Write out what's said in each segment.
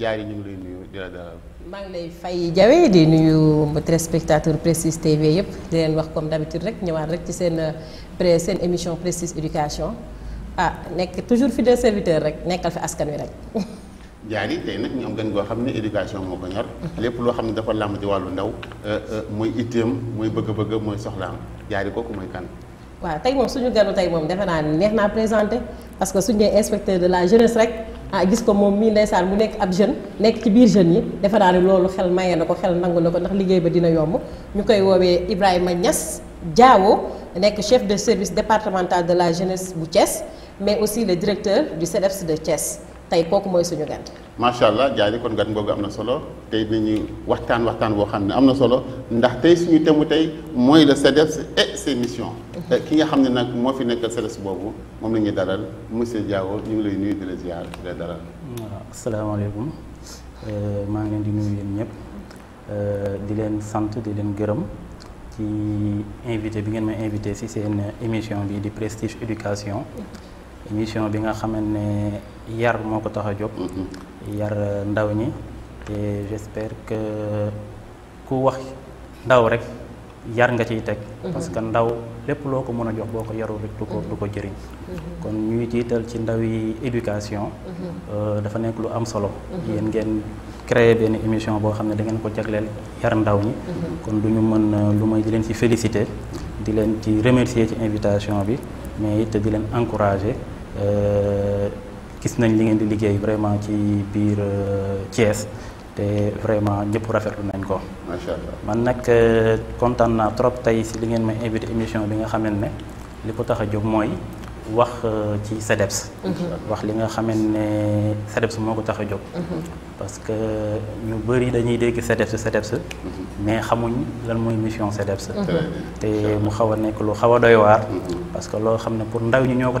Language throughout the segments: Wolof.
jaari ñu ngi lay nuyu di la dalal. maa ngi lay fay Jawe di nuyu téléspectateur Prestige TV yëpp di leen wax comme d'habitude rek ñëwaat rek ci seen pré seen émission Prestige éducation ah nekk toujours fidèle serviteur rek nekkal fi askan wi rek. jaari tey nag ñu am gën goo xam ne éducation moo ko ñor. lépp loo xam ne dafa làmb ci wàllu ndaw. Euh, euh, mooy itteem mooy bëgg-bëgg mooy soxlaam jaari kooku mooy kan. waaw tey moom suñu ganu tey moom defe naa neex naa présenté parce que suñu nee inspecteur de la jeunesse rek ah gis ko moom mii ndeysaan mu nekk ab jeune nekk ci biir jeune yi defe naa ne loolu xel maye na ko xel nangu na ko ndax liggéey ba dina yomb ñu koy woowee Ibrahima Niass Diawo nekk chef de service départemental de la jeunesse bu Thiès mais aussi le directeur du CEDEPS de Thiès tey kooku mooy suñu gan macha allah jaay kon gat googu amna solo tay dañuy waxtaan waxtaan bo xam amna solo ndax tay suñu temu tay moy le CDEPS et ses missions. Mhm. ki nga xam nak nag fi nekkal CDEPS bobu mom la ñuy dalal monsieur Diawo ñu lay nuyu de la ziar di la dalal. waaw euh ma ngi di nuyu yéen euh di len sante di len gërëm ci invité bi ngeen ma invité ci seen émission bi di prestige éducation mhm. émission bi nga xamante yar moko ko tax yar ndaw ñi te j'espère que ku wax ndaw rek yar nga ciy teg mhm. parce que ndaw lépp loo ko mën a jox boo ko yarul rek du ko mhm. du ko jëriñ mhm. kon ñuy jiital ci ndaw yi éducation euh, dafa nekk lu am solo yéen ngeen créer benn émission boo xam ne da ngeen ko jagleel yar ndaw ñi kon lu ñu mën euh, lu may di leen ci féliciter di leen ci remercier ci invitation bi mais it di leen encourager euh, gis nañ li ngeen di liggéey vraiment ci biir euh, Thiès te vraiment ñëpp rafetlu nañ ko man nag content euh, naa trop tey si li ngeen may invité émission bi nga xamen ne li ko tax a wax euh, ci SEDEPS mhm. wax li nga ne SEDEPS moo ko tax a jóg mhm. parce que ñu bëri dañuy dégg SEDEPS SEDEPS mhm. mais xamuñ lan mooy mission SEDEPS te mu xaw a nekk lu xaw a doy waar parce que loo xam ne pour ndaw ñi ñoo ko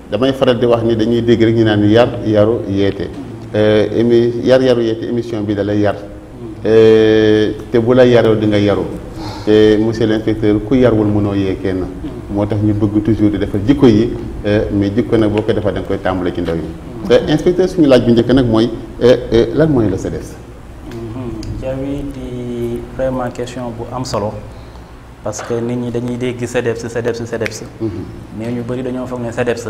damay faral di wax ni dañuy dégg rek ñu naan yar yaru yeete euh, émi yar yaru yeete émission bi da lay yar euh, te bu la yaroo di nga yaru te monsieur l'inspecteur ku yarwul mënoo yee kenn moo tax ñu bëgg toujours di defal jikko yi euh, mais jikko nag boo ko defar da nga koy tàmbale ci ndaw yi inspecteur suñu laaj bu njëkk nag mooy lan mooy la CDEPS mm-hmm. jawi di vraiment question bu am solo parce que nit ñi dañuy dégg CDEPS CDEPS CDEPS mm-hmm. mais ñu bëri dañoo foog ne CDEPS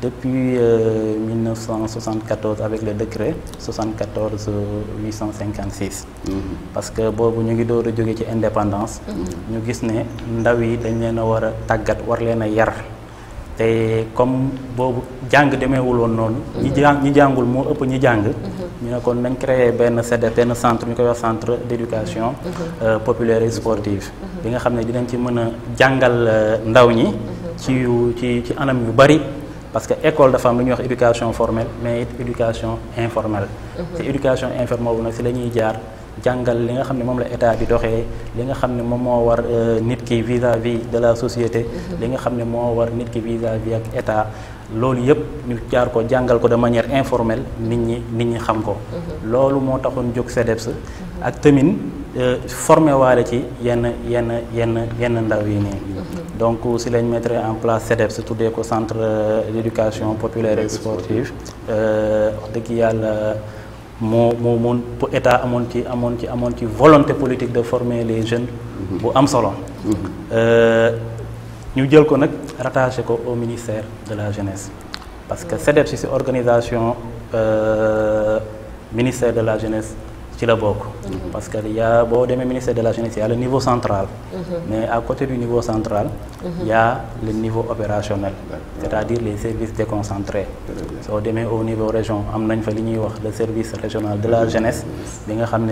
Depuis euh, 1974, avec le décret 74 856. Mm -hmm. parce que bobu ñu ngi door a ci indépendance. Mm-hmm. ñu gis né ndaw yi dañ leen a war a war leen yar. te comme boobu jàng demeewul woon noonu. ñi mm-hmm. jàng ñi jàngul moo ëpp ñi jàng. Mm-hmm. ñu ne kon nañ créer ben CDEP benn centre ñu koy wax centre d'éducation euh, populaire et sportive. bi nga xamné ne dinañ ci mëna a euh, ndaw ñi. ci ci ci anam yu bari parce que école dafa am lu ñuy wax éducation formelle mais it éducation informelle mhm. te éducation informelle bu nag si la ñuy jaar jàngal li nga xam ne moom la état bi doxee li nga xam ne moom moo war euh, nit ki vis-à-vis de la société mhm. li nga xam ne moo war nit ki vis-à-vis ak état loolu yëpp ñu jaar ko jàngal ko de manière informelle nit ñi nit ñi xam ko mhm. loolu moo taxoon jóg CEDEPS ak tamit euh, formé waale ci yenn yenn yenn yenn ndaw yi nii mhm. donc si lañ mettre en place CEDEPS su tuddee ko centre euh, d'éducation populaire et sportive euh, wax dëgg yàlla moo état ci volonté politique de former les jeunes mhm. bu am solo mhm. ñu jël ko rattaché au ministère de la jeunesse parce que CEDEPS une organisation ministère de la jeunesse la parce qu'il y' a ministère de la jeunesse le niveau central. Mhm. mais à côté du niveau central. il mhm. y' a le niveau opérationnel. cest à dire les services déconcentrés. au niveau région le service régional de la jeunesse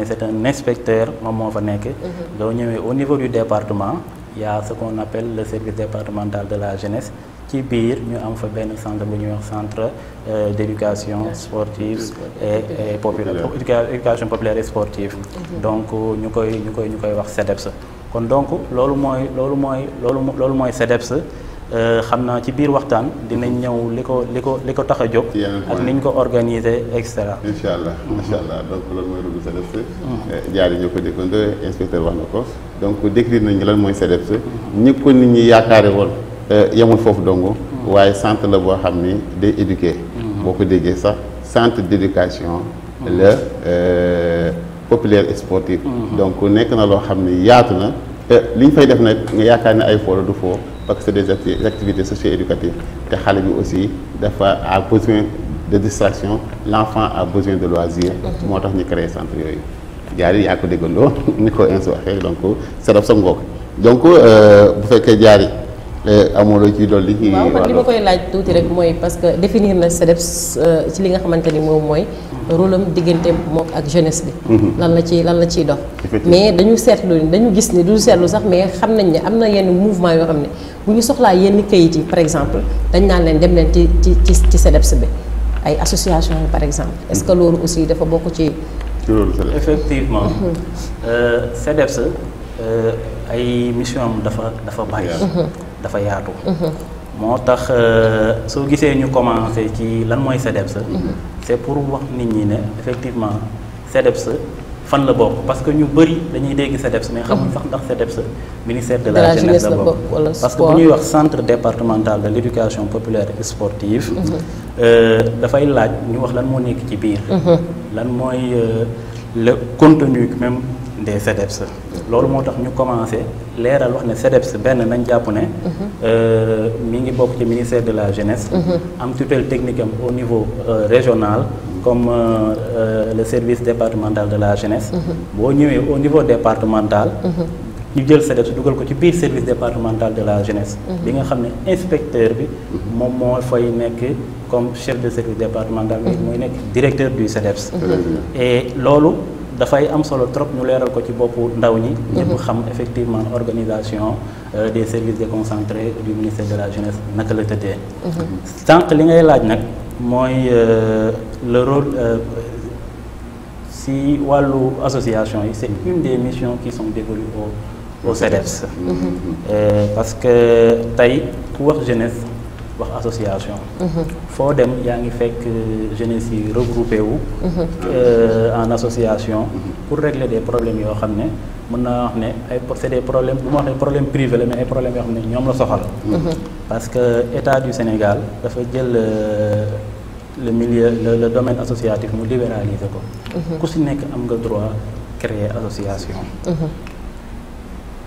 c'est un inspecteur mhm. au niveau du département il y a ce qu'on appelle le service départemental de la jeunesse qui est ñu centre euh, d'éducation sportive et populaire et sportive. Mhm. donc nous avons nous CEDEPS. donc SEDEPS CEDEPS euh, ci organiser mhm. euh, inspecteur donc décrire nañu lan mooy CDEPS ñi ko nit ñi yaakaare woon euh, yemul foofu dongo ouais centre de boo xam ni day éduquer boo ko sax centre d'éducation le euh, populaire et sportive donc on na loo xam ni yaatu na li ñu fay def nag nga yaakaar ne ay du parce que c'est des activités socio-éducatives te xale bi aussi dafa a besoin de distraction l'enfant a besoin de loisirs Moi, je ñu créer centre yooyu jaari yaa ko déggandoo ni ko insa waxee donc donc euh, bu euh, ci laaj rek parce que définir na euh, ci li nga xamante ni moom rôle am diggante ak jeunesse bi. Mhm. lan la ci lan la mais dañu seetlu dañu gis ni du seetlu sax mais xam nañ ne yenn mouvement yoo xam ne bu yenn kayit par exemple dañ naan dem ci ci association par exemple. est-ce que mhm. loolu aussi dafa beaucoup ci ci loolu CDEPS. effectivement CDEPS mhm. euh, euh, ay mission am dafa dafa bari. Mhm. dafa yaatu. Mhm. moo tax euh, soo gisee ñu commencé ci lan mooy CDEPS. c' pour wax nit ñi ne effectivement CDEPS fan la bokk parce que ñu bëri dañuy dégg CDEPS mais xamuñ sax ndax CDEPS ministère de la jeunesse la bokk parce que bu ñuy wax centre départemental de l' éducation populaire et sportive. dafay laaj ñu wax lan moo nekk ci biir lan moy euh, le contenu même des cedeps Lorsque nous avons ñu commencé leeral wax né cedeps ben nañ jàpp ne mhm. euh, mi ngi ci ministère de la jeunesse mhm. am tutelle technique au niveau euh, régional comme le service départemental de la jeunesse mhm. bo ñëwé au niveau départemental ñu jël SEDEPS dugal ko ci biir service départemental de la jeunesse. Mhm. bi nga xam ne inspecteur bi. moom moo fay nekk comme chef de service départemental. Mhm. mooy nekk directeur du SEDEPS. Mhm. et loolu dafay am solo trop ñu leeral ko ci boppu ndaw ñi. ñëpp xam effectivement organisation euh, des services déconcentrés du ministère de la jeunesse naka la tëddee. sànq li ngay laaj nag mooy euh, le rôle. Euh, si wàllu association yi c'est une des missions qui sont dévolues au au CEDEPS mhm. parce que tey ku wax jeunesse wax association mhm. faut dem yaa ngi que jeunesse yi regroupé wu mhm. euh, en association pour régler des problèmes Yo, xam ne wax ne ay c'est des problèmes bu wax ne problème privé mais ay problèmes yoo xam ne la soxal parce que l'état du Sénégal a fait euh, le milieu le, le domaine associatif mu libéraliser ko ku si qui am le droit de créer association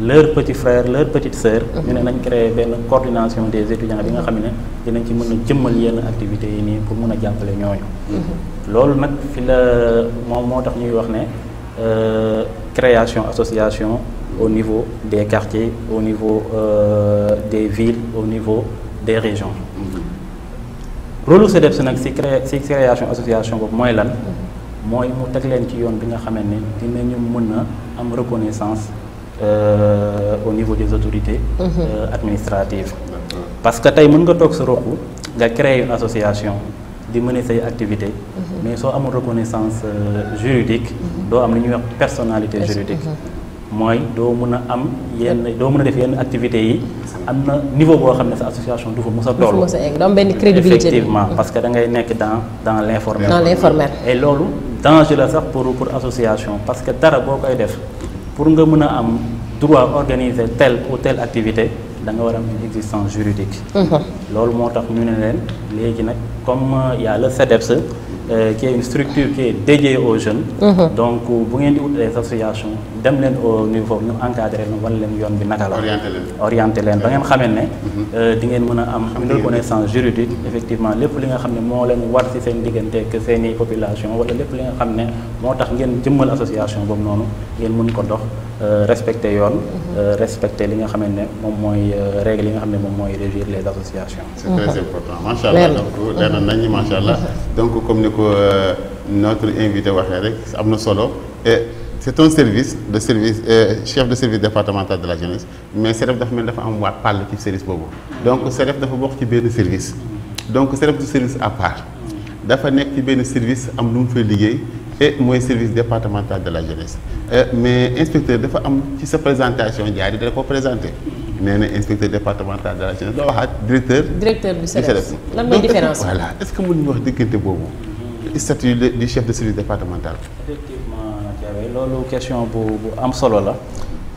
leur petit frère, leur petite sœur, ils ne nañ créer coordination des étudiants bi nga xam ne dinañ ci jëmmal activités pour nous a à ñooñu. Mhm. loolu fi la moom euh, création association au niveau des quartiers au niveau euh, des villes au niveau des régions. Mhm. rôle CDEPS nag création association boobu mooy lan. Mhm. mooy mu teg une ci yoon bi nga reconnaissance. Euh, au niveau des autorités mhm. euh, administratives parce que tu mën nga toog créer une association di mener say activité mhm. mais soo une reconnaissance euh, juridique mhm. doo am li personnalité juridique Tu doo une a am yenn une activité niveau de l'association. association du fa mos effectivement parce que da ngay dans dans l'informel et c'est danger sax pour pour association parce que dara as koy def pour nga mën am droit organiser telle ou telle activité da nga une existence juridique. ce qui est ñu ne comme euh, il comme y a le CEDEPS. Euh, qui est une structure qui est aux jeunes. Mhm. Donc euh, bu ngeen di ut les associations dem leen au niveau ñu encadré leen wan leen yoon bi naka la. orienté leen orienté leen ba ngeen xamee ne. Mhm. Euh, di ngeen mën a am une reconnaissance juridique. effectivement lépp li nga xam ne moo leen war ci seen diggante ak seen i population wala lépp li nga xam ne moo tax ngeen jëmmal association boobu noonu ngeen mën ko dox. Euh, respecter yoon. Euh, respecter li nga xamante ne euh, règle yi nga régir les associations. C'est très mhm. important Machallah, allah donc mhm. donc comme ni ko notre invité waxee rek am solo et un service de service chef de service départemental de la jeunesse mais SEREF dafa mel dafa am waa pàll service bobo. donc le dafa bokk ci benn service. donc SEREF du service à part. dafa nekk ci benn service am lu mu fay et le service départemental de la jeunesse euh, mais inspecteur de am ci sa présentation jaari da ko présenté mais inspecteur départemental de la jeunesse la est directeur. directeur du service la mooy différence voilà est ce que mën ñu de diggante boobu. statut du chef de service départemental. effectivement Thiawé loolu question pour am solo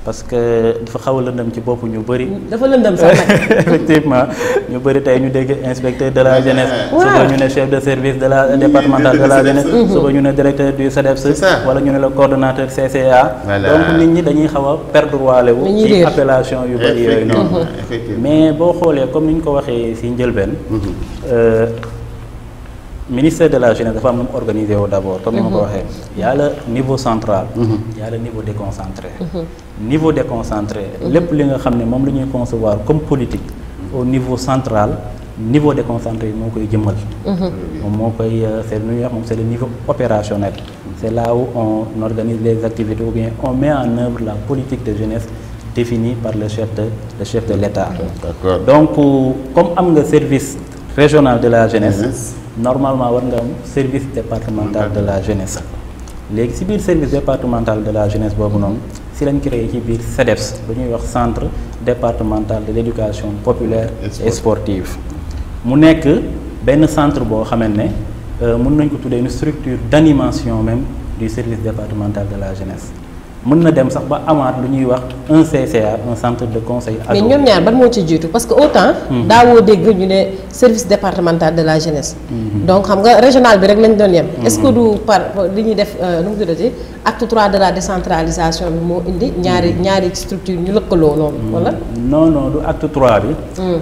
parce que dafa xaw a lëndëm ci bopp ñu bëri. dafa lëndëm sax nag. effectivement ñu bëri tey ñu dégg inspecteur de la jeunesse. suba ñu ne chef de service de la départementale de la jeunesse. suba ñu ne directeur du SEDEPS. wala ñu ne la coordonnateur CCA. donc nit ñi dañuy xaw a perdre waale wu. ci yu bëri yooyu noonu. mais boo xoolee comme ni ñu ko waxee si njëlbeen. Mhm. Euh, ministère de la jeunesse dafa am nu mu organisé wu d' comme ni ma ko mhm. waxee yàlla a le niveau central. Mhm. y a le niveau niveau déconcentré lépp li nga xamné mom concevoir comme politique au niveau central niveau déconcentré mhm. euh, c'est c'est le niveau opérationnel c'est là où on organise les activités ou bien on met en œuvre la politique de jeunesse définie par le chef de le chef l'État donc euh, comme am nga service régional de la jeunesse normalement war nga service départemental de la jeunesse Les services service départemental de la jeunesse c'est une qui CEDEPS centre départemental de l'éducation populaire et sportive mu Ben centre euh, une structure d'animation même du service départemental de la jeunesse mën na dem sax ba un un centre de conseil. mais ñoom ñaar ban moo ci jiitu parce que autant. Hmm. daawoo dégg ñu service départemental de la jeunesse. Hmm. donc xam nga régional bi rek lañ hmm. est-ce que du par li euh, acte 3 de la décentralisation bi moo indi ñaari ñaari structure ñu lëkkaloo non non du acte 3. bi.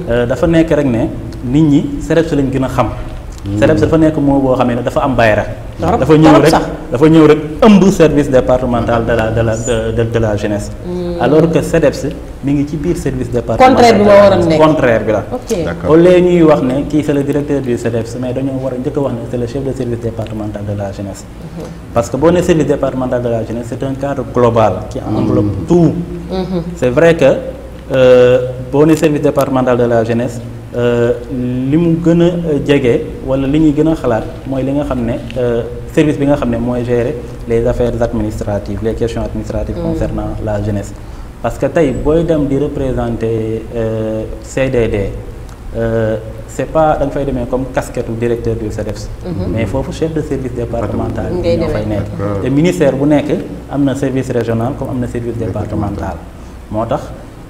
Euh, dafa nekk rek ne nit ñi lañ gën xam. dafa nekk moo boo des dafa am il ñëw rek service départemental de la de la de la jeunesse. Hmm. alors que CEDEPS, mi ngi ci biir service départemental. contraire bi contraire la. ok au lieu wax c'est le directeur du CDEPS mais dañoo war le chef de service départemental de la jeunesse. Mhm. parce que le service départemental de la jeunesse c'est un cadre global. qui mhm. englobe tout. Mhm. c'est vrai que le euh, service départemental de la jeunesse. Euh, li mu gën a euh, jege wala li ñuy gën euh, service bi nga xam gérer les affaires administratives les questions administratives mm. concernant la jeunesse parce que tey booy dem di représenter CDD ce n'est pas da fay comme casquette ou directeur du CDF, mm-hmm. mais il foofu chef de service départemental Le fay ministère bu un service régional comme un service départemental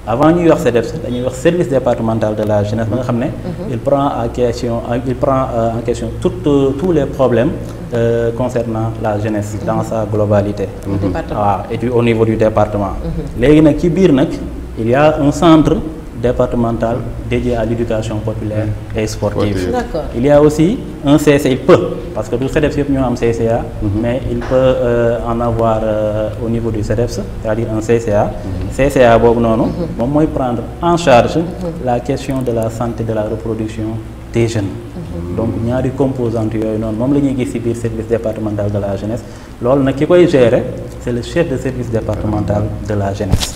avant new york CDEPS le service départemental de la jeunesse mhm. il prend en question il prend euh, en question euh, tous les problèmes. Euh, concernant la jeunesse. Mhm. dans sa globalité. et au niveau du département. Mhm. il y a un centre départemental dédié à l'éducation populaire et sportive. Il y a aussi un CCA, il peut, parce que tout CEDEPS, nous un CCA, mais il peut euh, en avoir euh, au niveau du CEDEF, c'est-à-dire un CCA. CCA, non, moi, prendre en charge mhm. la question de la santé de la reproduction des jeunes. Mhm. donc il composantes a des composantes, la ñuy gis le service départemental de la jeunesse l'homme qui ki gérer c'est le chef de service départemental de la jeunesse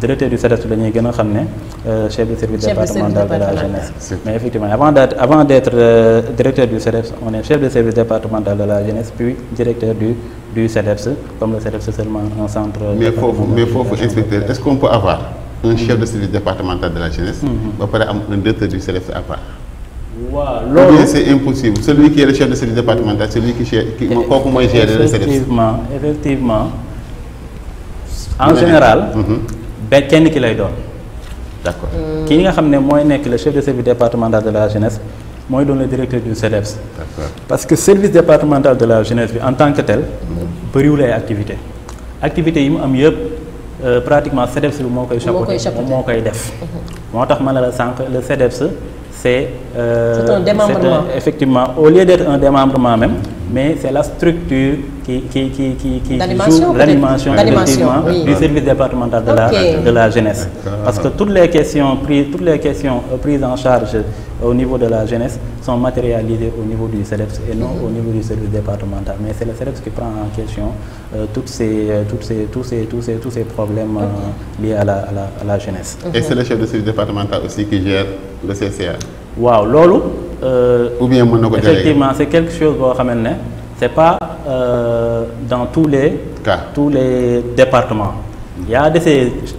directeur du CEDEPS la est euh, chef de service départemental de la jeunesse mais effectivement avant d'être euh, directeur du CEREPS, on est chef de service départemental de la jeunesse puis directeur du du CEDEPS comme le CEREPS est seulement un centre mais vous, mais vous, inspecter. est-ce qu'on peut avoir un chef de service départemental de la jeunesse mm-hmm. ba un directeur du CEREPS à part c'est impossible celui qui est le chef de service départemental celui qui gère qui eh, le CEDEPS effectivement effectivement en général mm-hmm ba kenn le chef de service départemental de la jeunesse donne le directeur du CEDEPS. parce que service départemental de la jeunesse en tant que tel mm-hmm. brûle les activités. activité yi pratiquement koy le effectivement au lieu d'être un démembrement même mais c'est la structure qui, qui, qui, joue l'animation du service départemental de, la, de la jeunesse. Parce que toutes les questions prises, toutes les questions euh, prises en charge euh, au niveau de la jeunesse sont matérialisées au niveau du CELEPS et non mhm. au niveau du service départemental. Mais c'est le CELEPS qui prend en question euh, ces, toutes ces, tous, ces, tous, ces, tous ces problèmes liés à la, jeunesse. Et c'est le chef de service départemental aussi qui gère le CCA Waouh, Lolo. Euh, ou bien effectivement c'est quelque chose boo ramener c'est pas euh, dans tous les départements tous les départements y a des CDEPS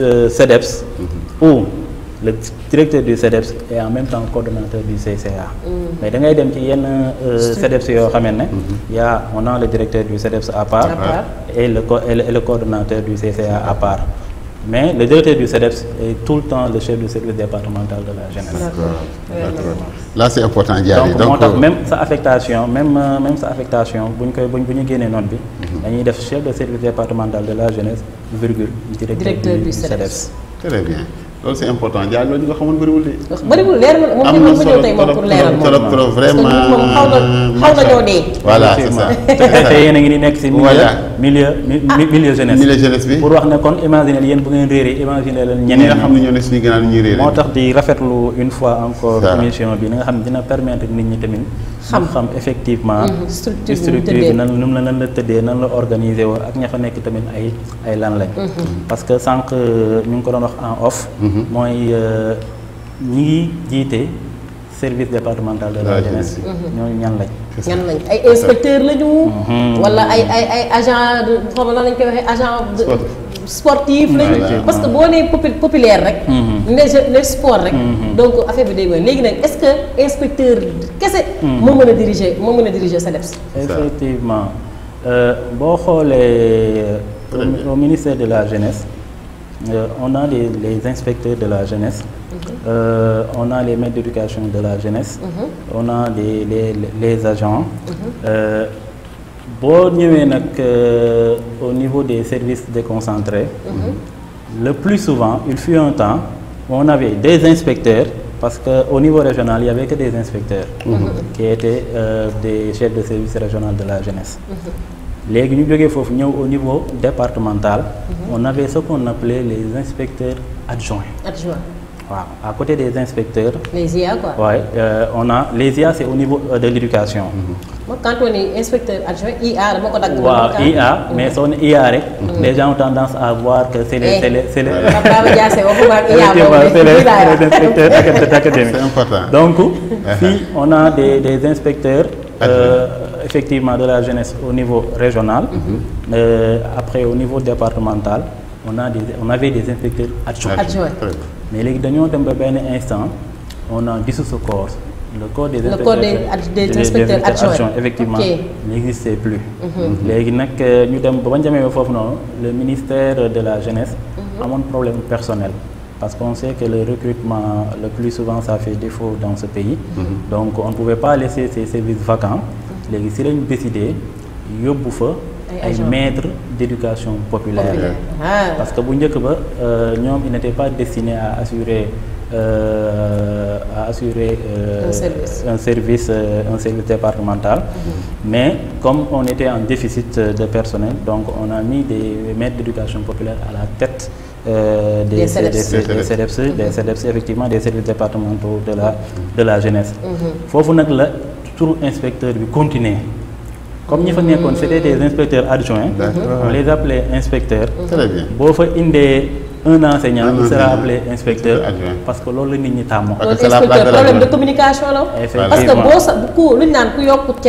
e, euh, e mm-hmm. où le directeur du cdeps e est en même temps coordonnateur du CCA. Mm. Mais Mais dans les des CEDEPS, il y a, on a le directeur du cdeps à part, Et, le, et, le, coordonnateur du CCA à part. Mais le directeur du CEDEPS est tout le temps le chef du service départemental de la jeunesse. Là, c'est important d'y Donc, même sa affectation, même, euh, même sa affectation, vie. Il le chef du service départemental de la jeunesse, virgule, directeur, du, du CEDEPS. Très bien loolu c'est important Dia loolu nga xamoon bëriwul de. bëriwul leer na moom moom ñëw tey moom pour leeral trop trop vraiment xaw na xaw na ñoo dee. voilà c'est ça te yéen a ngi di nekk si. milieu ah. milieu jeunesse. milieu jeunesse bi pour wax ne kon imaginer yéen bu ngeen réeree imaginer leen ñeneen nga xam ne ñoo ne suñu gannaaw ñuy réeree. moo tax di rafetlu une fois encore. émission bi nga xam dina permettre nit ñi tamit. xam-xam effectivement. Mm-hmm. structure bi nan la nan la tëddee nan la organiser woo ak ña fa nekk tamit ay ay lan lañ. Mm-hmm. parce que sànq euh, ñu ngi ko doon wax en off. Mm-hmm moy euh, ñi ngi service départemental de la jeunesse. Mhm. ñooñu ñan lañ. ñan lañ ay inspecteur lañu. Mhm. wala ay ay ay agent de xam nga lañ koy waxee agent. sportif lañu parce que bo né populaire rek. Mhm. né sport rek. donc affaire bi day mel léegi est-ce que inspecteur qu'est-ce, mën a diriger mo mën diriger SEDEPS. effectivement euh, bo xolé euh, au ministère de la jeunesse. Euh, on a les, inspecteurs de la jeunesse, mhm. euh, on a les maîtres d'éducation de la jeunesse, mhm. on a les, agents. Mhm. Euh, bon, mm au niveau des services déconcentrés, le plus souvent, il fut un temps où on avait des inspecteurs, parce qu'au niveau régional, il n'y avait que des inspecteurs qui étaient des chefs de service régional de la jeunesse. Les ñu au niveau départemental. Mhm. on avait ce qu'on appelait les inspecteurs adjoints. adjoints. à côté des inspecteurs. les IA quoi. ouais, euh, on a les IA c'est au niveau euh, de l'éducation. Mhm. quand on est inspecteur adjoint IA on a des waaw IA mhm. mais son les gens ont tendance à voir que c'est les eh, c'est c'est les. inspecteurs important donc. si on a des inspecteurs. Euh, effectivement de la jeunesse au niveau régional. mais mhm. euh, après, au niveau départemental, on, a on avait des inspecteurs adjoints. Mais les gagnants d'un instant, on a dissous ce corps. Le corps des, inspecteurs, adjoints, effectivement, n'existait plus. Mhm. Mhm. Euh, le ministère de la jeunesse a un problème personnel parce qu'on sait que le recrutement, le plus souvent, ça fait défaut dans ce pays. Donc, on ne pouvait pas laisser ces services vacants. Les si ont décidé y fa un maîtres d'éducation populaire parce que nous euh, n'étions pas destiné à assurer euh, à assurer euh, un service, un service, départemental. Mhm. Mais comme on était en déficit de personnel, donc on a mis des maîtres d'éducation populaire à la tête des, des, Des, mhm. effectivement, des services départementaux de la, de la jeunesse. Il Faut vous tout inspecteur du continent. comme nous fa c'était des inspecteurs adjoints on les appelait inspecteurs très bien Si un enseignant il sera appelé inspecteur parce que c'est la problème de communication parce que beaucoup beaucoup gens lu ñu ku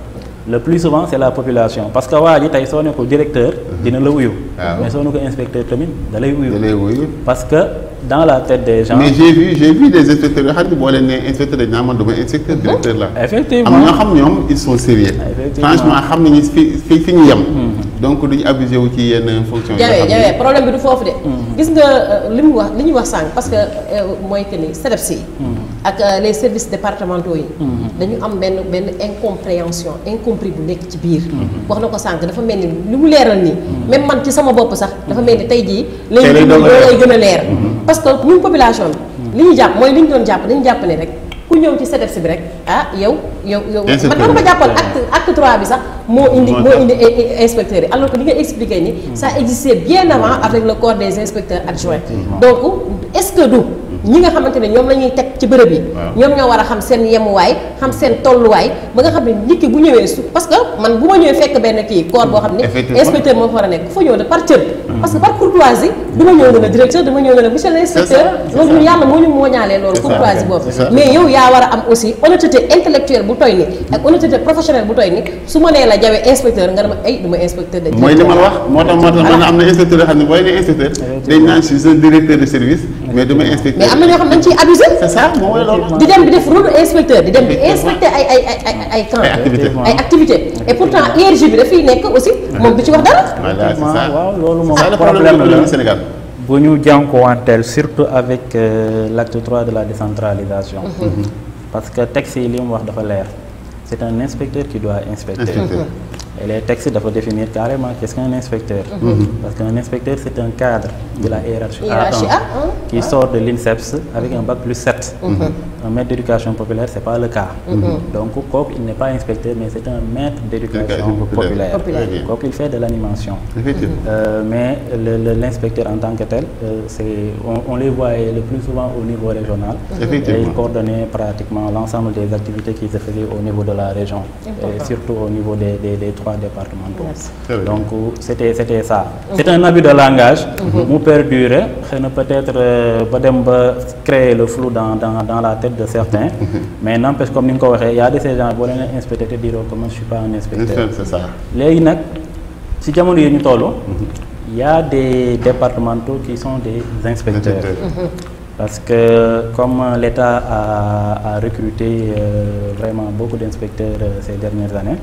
le plus souvent c'est la population parce que waa tay tey ne ko directeur. dina la wuyu. mais soo ne ko inspecteur tamit da lay wuyu. wuyu parce que dans la tête des gens. mais j'ai vu j'ai vu des inspecteurs yoo xam ne boo leen inspecteur de naan man inspecteur mhm. directeur là. effectivement am na xam ñom ils sont sérieux. franchement xam nañu fi fi ñu yam mhm donc duñ abusé wu ci yenn fonction jawee jawee problème bi du foofu de hmm. gis nga euh, li mu wax li ñuy wax sànq parce que euh, mooy que ni CDEPS yi hmm. ak euh, les services départementaux yi hmm. dañu am benn benn incompréhension incompris bu nekk ci biir wax na ko sànq dafa mel ni li mu leeral nii même man ci sama bopp sax dafa mel ni tey jii léegi lay gën a leer parce que ñun population bi li ñu jàpp mooy li ñu doon jàpp dañu jàpp ne rek ku ñëw ci CEDEPS bi rek ah yow. yow yow man dama ko jàppal acte acte trois bi sax moo indi mo indi eh, eh, inspecteurs yi alors que li nga expliqué ni hmm. ça existait bien avant avec le corps des inspecteurs adjoints hmm. donc est-ce que du ñi nga xamante ne ñoom la ñuy teg ci bërëb yi ñoom ñoo war a xam seen yemuwaay xam seen tolluwaay ba nga xam ne nit bu ñëwee parce que man bu ma ñëwee fekk benn kii corps boo xam ne inspecteur moo fa war ku fa ñëw de par cër hmm. parce que par courtoisie du ma ñëw ne la directeur du ma ñëw ne la monsieur l'inspecteur loolu ñu yàlla moo ñu mooñaalee loolu courtoisie boobu mais yow yaa war a am aussi honnêteté intellectuelle bu toy ni ak honnêteté professionnelle bu toy ni su ma nee la jawe inspecteur nga ne ma ay du inspecteur dañ naan si un directeur de service mais du inspecteur mais am na ñoo xam ne dañ ciy abusé loolu di dem bi def rôle inspecteur di dem bi inspecter ay ay ay activité et pourtant IRG bi dafiy nekk aussi moom du ci wax dara waaw loolu moom problème la Sénégal tel, surtout avec euh, l'acte 3 de la décentralisation mm-hmm. Mm-hmm. parce que texte c'est un inspecteur qui doit inspecter et les textes doivent définir carrément qu'est-ce qu'un inspecteur mm-hmm. parce qu'un inspecteur c'est un cadre de la rh ah, ah, ah, qui sort de l'INSEPS avec un bac plus 7 un maître d'éducation populaire, c'est pas le cas. Mm-hmm. Donc, il n'est pas inspecteur, mais c'est un maître d'éducation populaire. populaire. il fait de l'animation. Mm-hmm. Euh, mais l'inspecteur en tant que tel, euh, c'est on, les voit le plus souvent au niveau régional. Mm-hmm. Et il coordonnait pratiquement l'ensemble des activités qui se faisaient au niveau de la région, et surtout au niveau des, trois départements. Donc, euh, c'était ça. C'est un abus de langage, nous mm -hmm. perdurer, peut-être euh, créer le flou dans, dans la tête de certains. Mhm. mais n'empêche comme nous il y a des gens qui veulent inspecteurs et dire que je je suis pas un inspecteur. c'est ça si jamono dit, Il mhm. y a des départementaux qui sont des inspecteurs. Mhm. parce que comme l'État a, recruté euh, vraiment beaucoup d'inspecteurs euh, ces dernières années,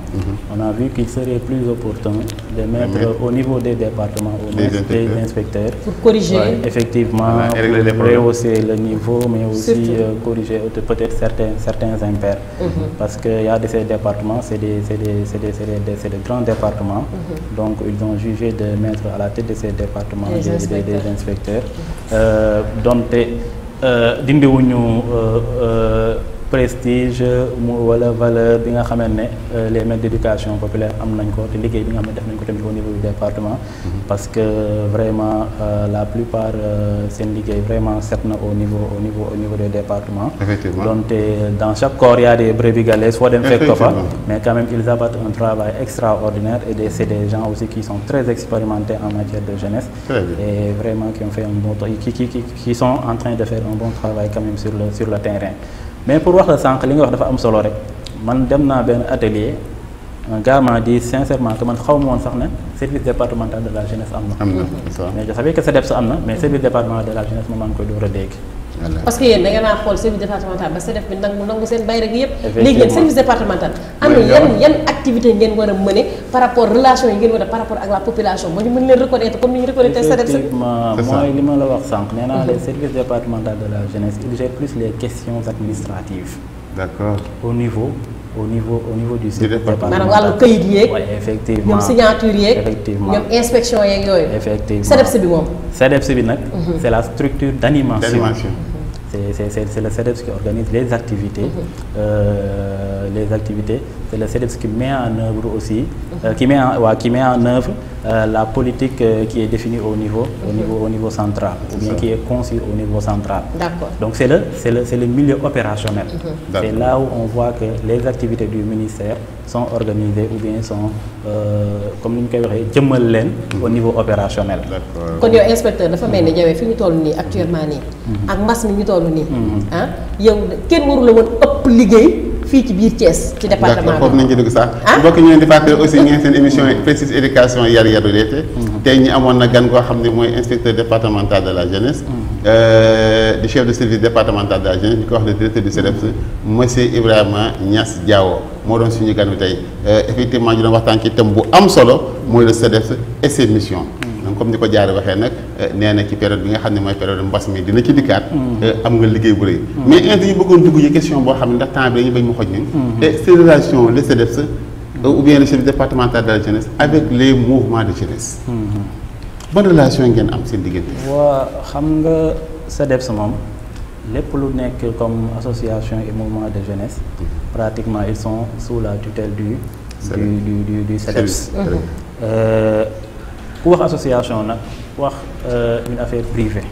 on a vu qu'il serait plus opportun de mettre mhm. au niveau des départements, des, inspecteurs. Pour corriger. effectivement, pour le niveau, mais aussi euh, corriger peut-être certains, certains impairs. Mhm. Parce qu'il y a de ces départements, c'est des, des, des, grands départements. Mhm. Donc, ils ont jugé de mettre à la tête de ces départements des, inspecteurs, inspecteurs euh, euh prestige valeur bi nga euh, les maîtres d'éducation populaire am ko bi au niveau du département. Mm-hmm. parce que vraiment euh, la plupart c'est euh, liggéey vraiment certain au niveau au niveau au niveau des département dans chaque corps il y a des brebis galées, soit des mais quand même ils abattent un travail extraordinaire et c'est des gens aussi qui sont très expérimentés en matière de jeunesse. et vraiment qui ont fait un bon qui qui qui sont en train de faire un bon travail quand même sur le sur le terrain mais pour voir le sànq li l'on wax dafa am solo rek man dem atelier un gars m'a dit sincèrement que je suis ma sax service départemental de la jeunesse mais je savais que c'était ça, mais service départemental de la jeunesse koy parce que yéen da ngeen a service départemental ba SEDEF bi nangu nangu seen bay rek service départemental. am y a une activité qui est menée par rapport aux relations ngeen par rapport à la population ba ñu mën vous reconnaître comme ni ñu reconnaître SEDEF. effectivement mooy que ma la wax sànq nee mhm. les départemental de la jeunesse il gère plus les questions administratives. d'accord au niveau. au niveau au niveau du service départemental maanaam wàllu këyit effectivement ñoom signature effectivement inspection yeeg yooyu. effectivement SEDEPS bi bi mhm. c'est la structure d'animation. C'est le CEDEPS qui organise les activités. Mhm. Euh, les activités. C'est le CEDEPS qui met en œuvre aussi, euh, mhm. qui, met qui met en œuvre euh, la politique qui est définie au niveau, au mhm. niveau, au niveau central, ou bien qui est conçue au niveau central. Donc c'est le, le, le milieu opérationnel. C'est là où on voit que les activités du ministère sont organisés ou bien sont euh, comme ni ñu koy waxee jëmmal au niveau opérationnel. kon yow inspecteur dafa mel ni jawee fi ñu toll nii actuellement nii. Mhm. ak mbas mi ñu toll nii. Mhm. ah yow kenn waru la woon ëpp liggéey. fii ci biir Thiès ci département bi foofu nañ ci dugg sax ah? mbokk ñu leen di fàttali aussi ngeen seen émission précise éducation yar yaru l'été mm-hmm. tey ñi na gan koo xam ne mooy inspecteur départemental de la jeunesse mm-hmm. euh, di chef de service départemental de la jeunesse ñu ko wax le directeur du CDEPS monsieur Ibrahima Niass Diawo moo doon suñu gan bi tey euh, effectivement ñu doon waxtaan ci thème bu am solo mooy le CDEPS et ses comme ni ko eh, ci période bi nga période mi dina ci mm. eh, am mm. mais question ndax ou bien le départemental de la jeunesse avec les mouvements de jeunesse mm-hmm. Bonne relation ngeen am seen digënté wa xam nga comme association et mouvement de jeunesse mm-hmm. pratiquement ils sont sous la tutelle du du du du euh, ku l'association, association nag wax euh, une affaire privée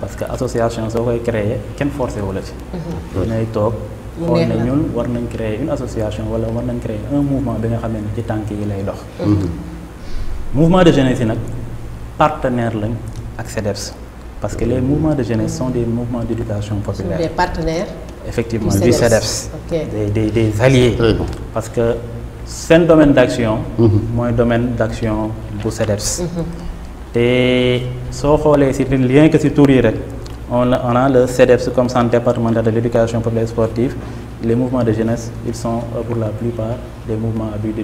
parce que association soo koy créer kenn forcé wu la ci mhm. dinay toog xool ne ñun war nañ créer une association wala war nañ un mouvement bi nga xam ne ci tànk yi lay dox mhm. Mhm. mouvement de jeunesse yi un partenaire lañ ak CEDEPS parce que les mouvements de jeunesse sont des mouvements d'éducation populaire. des partenaires Effectivement, du CEDEPS, Des, alliés. Parce que un domaine d'action, mhm. moins un domaine d'action pour bu et e mhm. si rien que ci tour on a le CEDEPS e e comme centre départemental de l'éducation populaire sportive. les mouvements de jeunesse ils sont euh, pour la plupart des mouvements à but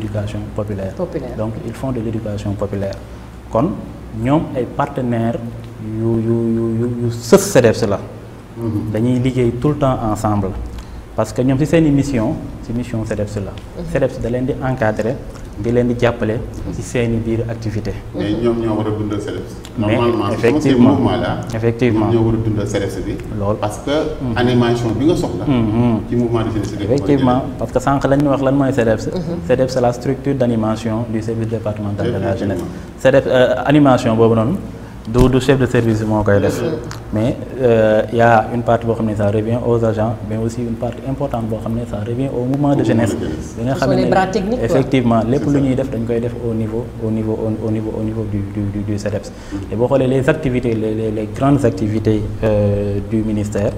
populaire. donc ils font de l'éducation populaire kon nous ay partenaires yu yu yu là Nous sommes la. Mhm. tout le temps ensemble parce que nous, ci une mission ci mission CDEPS la. CDEPS da leen di encadrer di leen di jàppale. ci seen i biir activité mais ñoom ñoo war a dundal CDEPS. normalement effectivement effectivement ñoo war a dundal CDEPS bi. lool parce que. Mhm. animation bi nga soxla. Mhm. ci mouvement de CDEPS effectivement parce que sànq lañ wax lan mooy CDEPS. Mhm. CDEPS c'est la structure d'animation du service départemental de la jeunesse. CDEPS euh, animation boobu noonu du du chef de service mon le mais il euh, y a une partie qui revient aux agents mais aussi une partie importante qui revient au mouvement de jeunesse nga effectivement les lu ñuy def dañ koy def au niveau au niveau au niveau au niveau du du du CEDEPS les activités les les, grandes activités euh, du ministère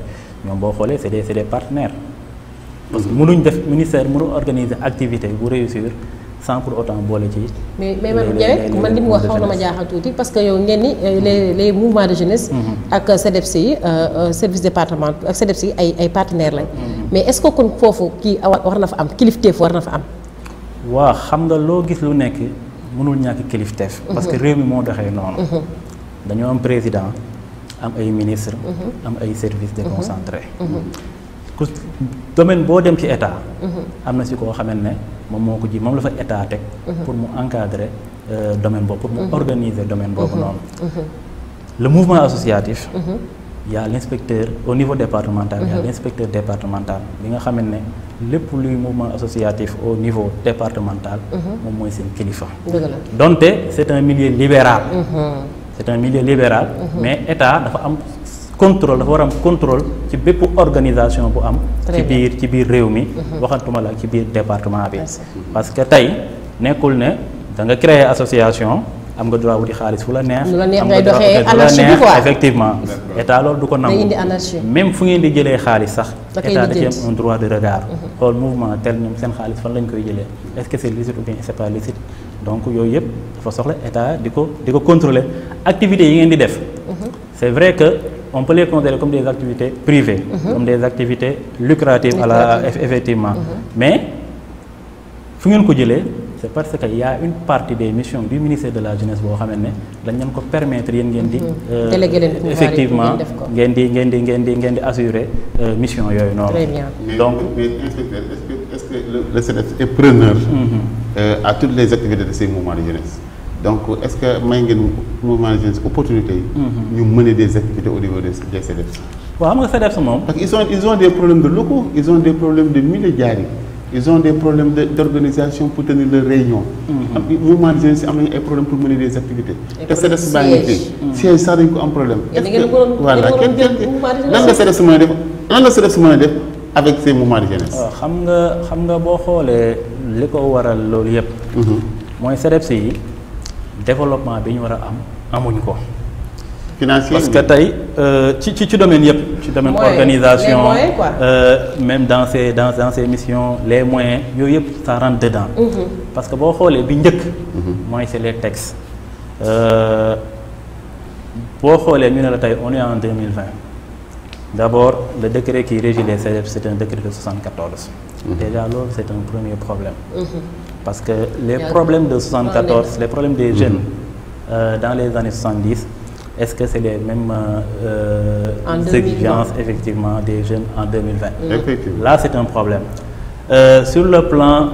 c'est des partenaires Le def ministère mënu des activités pour réussir sans pour autant boole ci. mais mais man Comment man li mu wax xaw ma jaaxal parce que yow ngeen ni euh, les mm-hmm. les mouvements de jeunesse. Mm-hmm. ak euh, CDEPS yi euh, service département ak CDEPS yi ay ay partenaires là. Mm-hmm. mais est-ce que kon foofu kii war na fa am kilifteef war na am. Wa, xam nga loo gis lu nekk mënul ñàkk kilifteef. parce que rien mi moo non. non. dañoo am président am ay ministre am ay services déconcentrés le domaine de dem état. amna ci ko xamné mom moko état pour mu encadrer euh, domaine pour mu organiser domaine le mouvement associatif. il y a l'inspecteur au niveau départemental. il y a l'inspecteur départemental bi nga xamné lepp luy mouvement associatif au niveau départemental. mom moy sen kilifa. donté c'est un milieu libéral. Mhm. c'est un milieu libéral. Mhm. mais état dafa am contrôle dafa war am contrôle ci bépp organisation bu am. ci biir ci biir réew mi. Mhm. waxantuma la ci biir département bi. parce que tey nekkul ne da nga créer association. am nga droit wuti xaalis fu la neex. am nga droit effectivement. état loolu du ko nangu. même fu ngeen di jëlee xaalis sax. état da ci am un droit de regard. Mhm. xool mouvement tel ñoom seen xaalis fan lañ koy jëlee est-ce que c'est licite ou bien c'est pas licite donc yooyu yëpp dafa soxla état di ko di ko contrôler activités yi ngeen di def. Mhm. c'est vrai que on peut les considérer comme des activités privées, mhm. comme des activités lucratives, à la, effectivement. Mm -hmm. Mais, c'est parce qu'il y a une partie des missions du ministère de la Jeunesse qui permettent de permettre mhm. euh, effectivement d'assurer la euh, mission. Très Donc, mais, est-ce que, est que, le, CNF e est preneur mhm. euh, à toutes les activités de ces mouvements de jeunesse donc est-ce que vous ngeen mouvement jeunesse opportunité de mhm. mener des activités au niveau des CDF? Oui, xam nga ils ont ils ont des problèmes de locaux ils ont des problèmes de millésjaari ils ont des problèmes de d'organisation pour tenir leur réunions. Mhm. am mouvement jeunesse am problèmes pour mener des activités. te CDEPS baa ngi fi. Mhm. Si ça dañu ko am problème. est-ce que voilà kenn kenn lan la CDEPS mën a def la CDEPS avec ces mouvements de jeunesse. waaw xam nga xam nga boo xoolee li waral développement bi ñu am amuñ ko. parce que si euh, tu ci ci domaine ci organisation euh, même dans ces dans dans ces missions les moyens ça rentre dedans. Mhm. parce que si xolé bi mhm. moi c'est les textes. Euh, bo xolé ñu la on est en 2020 d'abord le décret qui régit les CEDEP, c'est un décret de 74. Mhm. déjà c'est un premier problème. Parce que les problèmes de 74, les problèmes des jeunes mm. euh, dans les années 70, est-ce que c'est les mêmes euh, exigences effectivement des jeunes en 2020 mm. Là, c'est un problème. Euh, sur le plan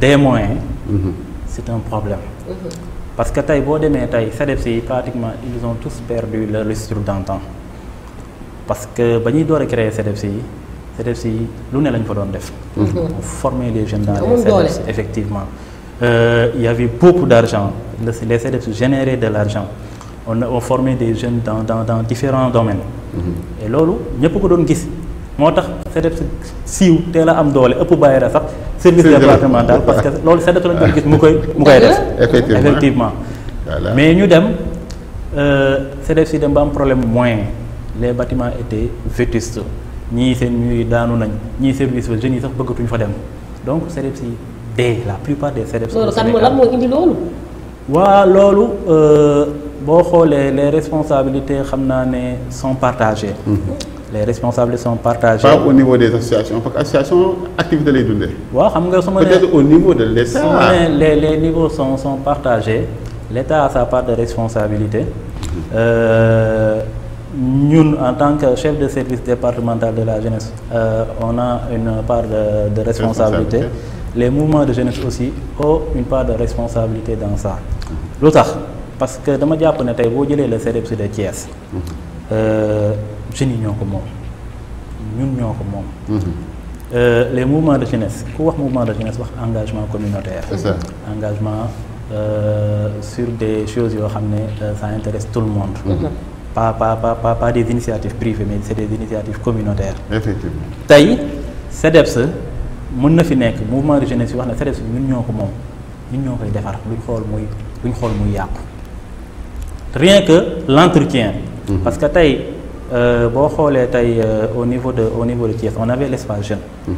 des moyens, mm-hmm. c'est un problème. Mm-hmm. Parce que Taïbo de Taï, e CDFCI, pratiquement, ils ont tous perdu leur lustre d'antan. Parce que, quand doit doivent créer e CDFCI, c'est yi lu ne lañ fa doon def. Mhm. on formait les jeunes dans les services, effectivement. il euh, y avait beaucoup d'argent. Les services généraient de l'argent. On, a formait des jeunes dans, dans, dans différents domaines. Mhm. Et Et là, nous avons vu que si siw teel a am doole ëpp bàyyi la sax service départemental parce que là, CDF lañ doon gis mu koy mu koy effectivement mais nous, dem CDF nous avons un problème moins. les bâtiments étaient vétustes ni seen murs yi daanu ni ñii service ba jeunes yi sax bëggatuñ fa dem donc CDEPS yi dès la plupart des CDEPS. loolu kan lan moo indi loolu. waa loolu euh, boo xoolee les responsabilités sont partagées. Mm-hmm. les responsabilités sont partagées. pas au niveau des associations parce que association activité les dundee. waaw xam nga su peut-être au niveau de l'État. les les niveaux sont sont partagés l'État a sa part de responsabilité. Mm-hmm. Euh, nous, en tant que chef de service départemental de la jeunesse euh, on a une part de, responsabilité. les mouvements de jeunesse aussi ont une part de responsabilité dans ça L'autre, parce que dama jàpp ne e si vous le de Thiès mhm. euh, mhm. euh, les mouvements de jeunesse ku mouvement de jeunesse wax engagement communautaire c'est ça. engagement sur des choses qui ça intéresse tout le monde mhm pas, pas, pas, pas, des initiatives privées, mais c'est des initiatives communautaires. Effectivement. Taï, CEDEPS, mën na fi nekk mouvement de jeunesse bi wax na CEDEPS bi ñun ñoo ko moom ñun ñoo koy defar luñ xool muy luñ xool muy yàqu rien que l'entretien mhm. parce que tey euh, boo xoolee tey euh, au niveau de au niveau de Thiès on avait l'espace jeune mhm.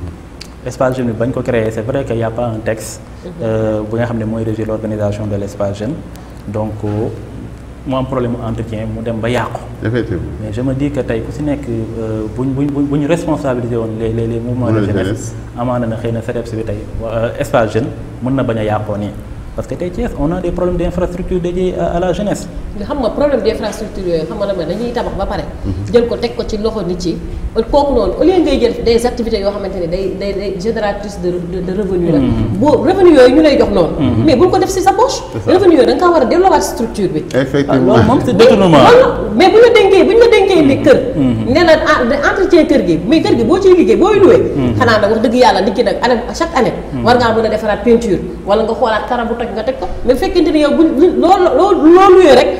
l'espace jeune bi ko créer c'est vrai qu'il y a pas un texte mhm. euh, bu nga xam ne mooy l'organisation de l'espace jeune donc mo am problème entretien mu dem ba yàqu. effectivement mais je me dis que tay ku si nekk euh, buñ buñ buñ responsabilité les les les mouvements de jeunesse amana na xeyna na bi tay euh, espace jeune mën na baña a ni parce que tay on a des problèmes d'infrastructures dédiées à la jeunesse. xam nga problème d'infrastructure yooyu xam nga la ma dañuy tabax ba pare. Mhm. jël ko teg ko ci loxo nit ci kooku noonu au ngay jël des activités yoo xamante ne day day day de de revenu la. Mhm. boo revenu yooyu ñu lay jox noonu. Mhm. mais bul ko def si sa poche. revenu yooyu da nga war a delloowaat structure bi. effectivement ah, loolu moom mais bu la dénkee bu ñu la dénkee ni kër. nee ah, na entretien kër boo ciy liggéey dëgg yàlla nit ki nag année chaque année. war ngaa mën a defaraat peinture wala nga xoolaat kara bu toj nga ko mais bu fekkente rek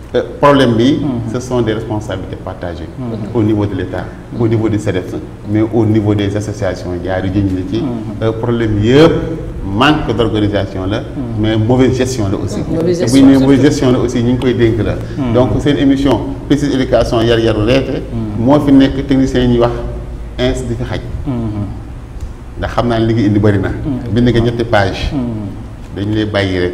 Le euh, problème bi hmm. ce sont des responsabilités partagées hmm. au niveau de l'État au hmm. niveau du SEDES, e e mais au niveau des associations a jëñ la ci problème manque d'organisation là, mais mauvaise gestion là aussi bu mauvaise gestion là, aussi nous ngi koy dénk la donc une émission petite éducation yar y a moo fi nekk technicien ñuy wax ins di fi xaj que xam naa li nga indi bëri na bind nga ñetti page dañu lay bàyyi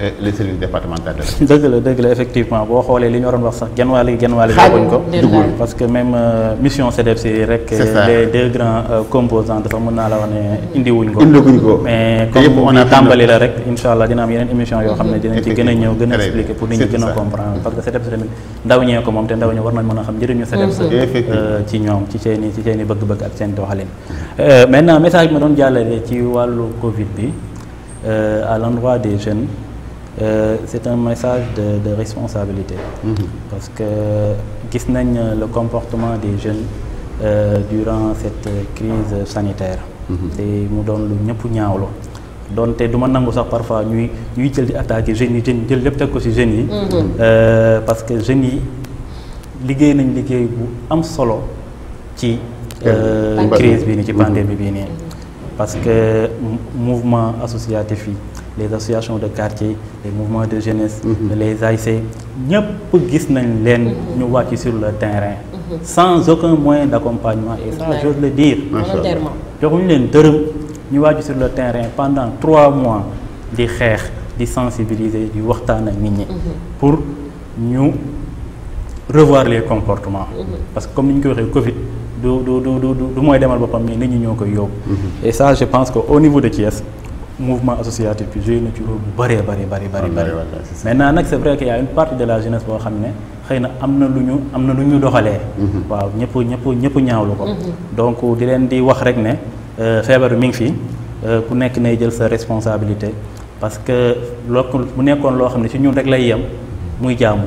et les cellules départementales de dëgg la dëgg effectivement boo xoolee li ñu waroon wax sax genn wàll genn wàll waxuñ parce que même euh, mission CDFC, yi rek les deux grands euh, composants dafa mën naa la wax ne indiwuñ ko indiwuñ ko mais comme a tàmbali la rek inshallah, dina am yeneen émission yo, xam ne dinañ ci gën a ñëw gën expliquer pour nit ñi gën comprendre parce que CDEPS tamit ndaw ñee ko moom te ndaw ñi war nañ mën a xam njëriñu CDEPS mm-hmm. euh, ci ñoom ci seeni ci seeni bëgg-bëgg ak seen doxalin maintenant message ma doon jàllale ci wàllu covid bi à l'endroit des jeunes euh, c'est un message de, responsabilité. Mhm. Parce que qui nañ euh, le comportement des jeunes euh, durant cette crise sanitaire. nous mhm. mu le de Donc parfois ñuy ñuy attaquer jeunes jël mhm. parce que jeunes yi ont nañ liggéey bu am solo ci. crise bi pandémie parce que mouvement associatif les associations de quartier les mouvements de jeunesse mhm. les AIC nous ne nañ pas ñu sur le terrain mhm. sans aucun moyen d'accompagnement et ça je veux le dire nous sommes sur le terrain pendant trois mois de faire, di sensibiliser de voir mhm. pour nous revoir les comportements parce que comme nous Covid du du du du mooy demal boppam mais nit et ça je pense qu'au niveau de qui est-ce mouvement associatif bi joué na ci rôle bu bëree bëri bëri bëri bëri maintenant nag c' est vrai qu'il y' a une partie de la jeunesse bo xamné xeyna amna luñu amna na doxalé mhm. waaw ñëpp ñëpp ñëpp ñaawlu ko mhm. donc di leen di wax rek né euh bi mi ngi fi euh ku nekk né jël sa responsabilité parce que lokku mu nekkon lo xamné ci ñun rek lay yam muy jaamu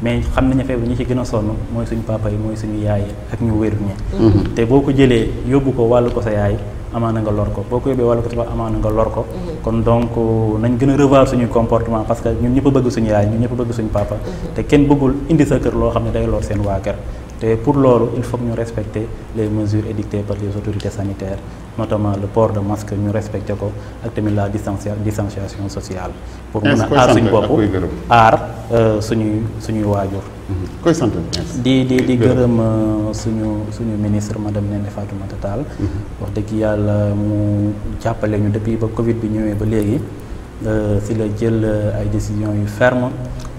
mais xam nañu feebar ñi ci gëna sonu moy suñu papa yi moy suñu yaay ak ñu wër ñi mhm. té boko jëlé yobbu ko walu ko sa yaay amaana nga lor ko boo ko yóbbee wàllu ko tabax amaana nga lor ko mhm. kon donc nañ gën a revoir suñu comportement parce que ñun ñëpp a bëgg suñu yaay ñun ñëpp a bëgg suñu papa mhm. te kenn bëggul indi sa kër loo xam ne day lor seen waa kër Et pour l'heure, il faut que ñu respecter les mesures édictées par les autorités sanitaires notamment le port de masque ñu respectons ko ak la distanciation sociale pour mun a aar suñu bopp aar euh, suñuy suñuy waajur mhm. koy sant di di di gërëm euh, suñu suñu ministre madame Néné Fatoumata Matatal, mhm. wax dëgg yàlla mu jàppale ñu depuis ba covid bi ñëwee ba léegi euh, si la jël ay décisions ferme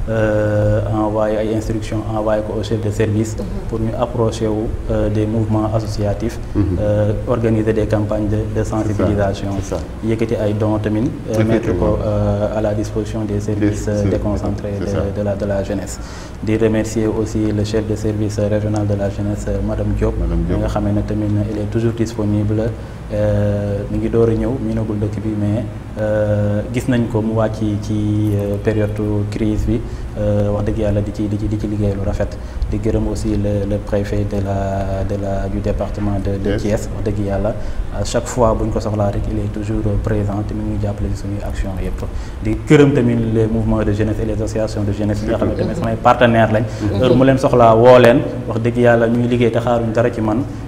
euh, envoyer ay instructions envoyé au chef de service mhm. pour nous approcher euh, des mouvements associatifs mhm. euh, organiser des campagnes de sensibilisation a ay dons mettre à la disposition des services déconcentrés de la de la jeunesse je remercier aussi le chef de service régional de la jeunesse Madame Diop elle est toujours disponible euh, mi ngi door a mi nagul dëkk bi mais euh, gis nañ ko mu wàcc ci euh, période crise bi wax dëgg yàlla di ci di ci di ci liggéey lu rafet di gërëm aussi le le préfet de la de la du département de de Thiès wax dëgg yàlla chaque fois bu ñu ko soxlaa rek il est toujours présent te mi ngi jàppale ci suñuy action yëpp di gërëm tamit les mouvements de jeunesse et les associations de jeunesse yi nga xam ne tamit samay partenaires lañ mhm. heure mu leen soxlaa woo leen wax dëgg yàlla ñuy liggéey te xaaruñ dara ci man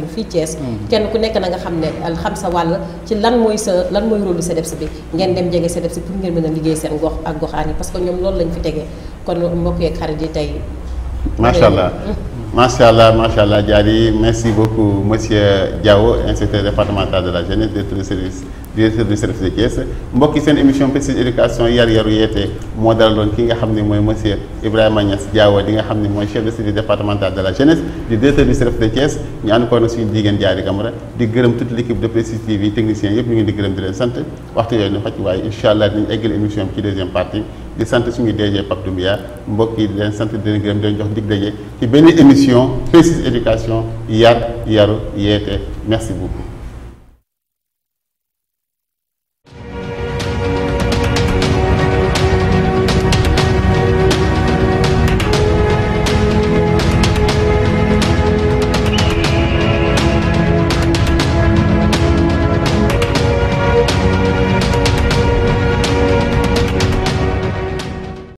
commune fii Thiès. Mm-hmm. kenn ku nekk na nga xam ne xam sa wàll ci lan mooy sa lan mooy rôle CDEPS bi ngeen dem jege CDEPS pour ngeen mën a liggéey seen gox ak goxaan yi parce que ñoom loolu lañ fi tegee kon mbokk xarit yi tey. macha allah. Mm-hmm. Masha'allah, Masha'allah, Diari, merci beaucoup Monsieur Diao, inspecteur départemental de la jeunesse, directeur du service, directeur du service de caisse. mbokki seen émission petite éducation yar hier, yeete moo dalaloon ki nga xam ne Monsieur Ibrahima Niass Diao di nga amené ne chef de service départemental de la jeunesse directeur du service de caisse Nous ànd ko na suñu jigéen Diari Camara di gërëm toute l'équipe de Prestige TV technicien yëpp ñu ngi di gërëm di santé. sant waxtu yooyu ñu xaj waaye incha allah émission qui ci deuxième partie di de yi di émission précise éducation merci beaucoup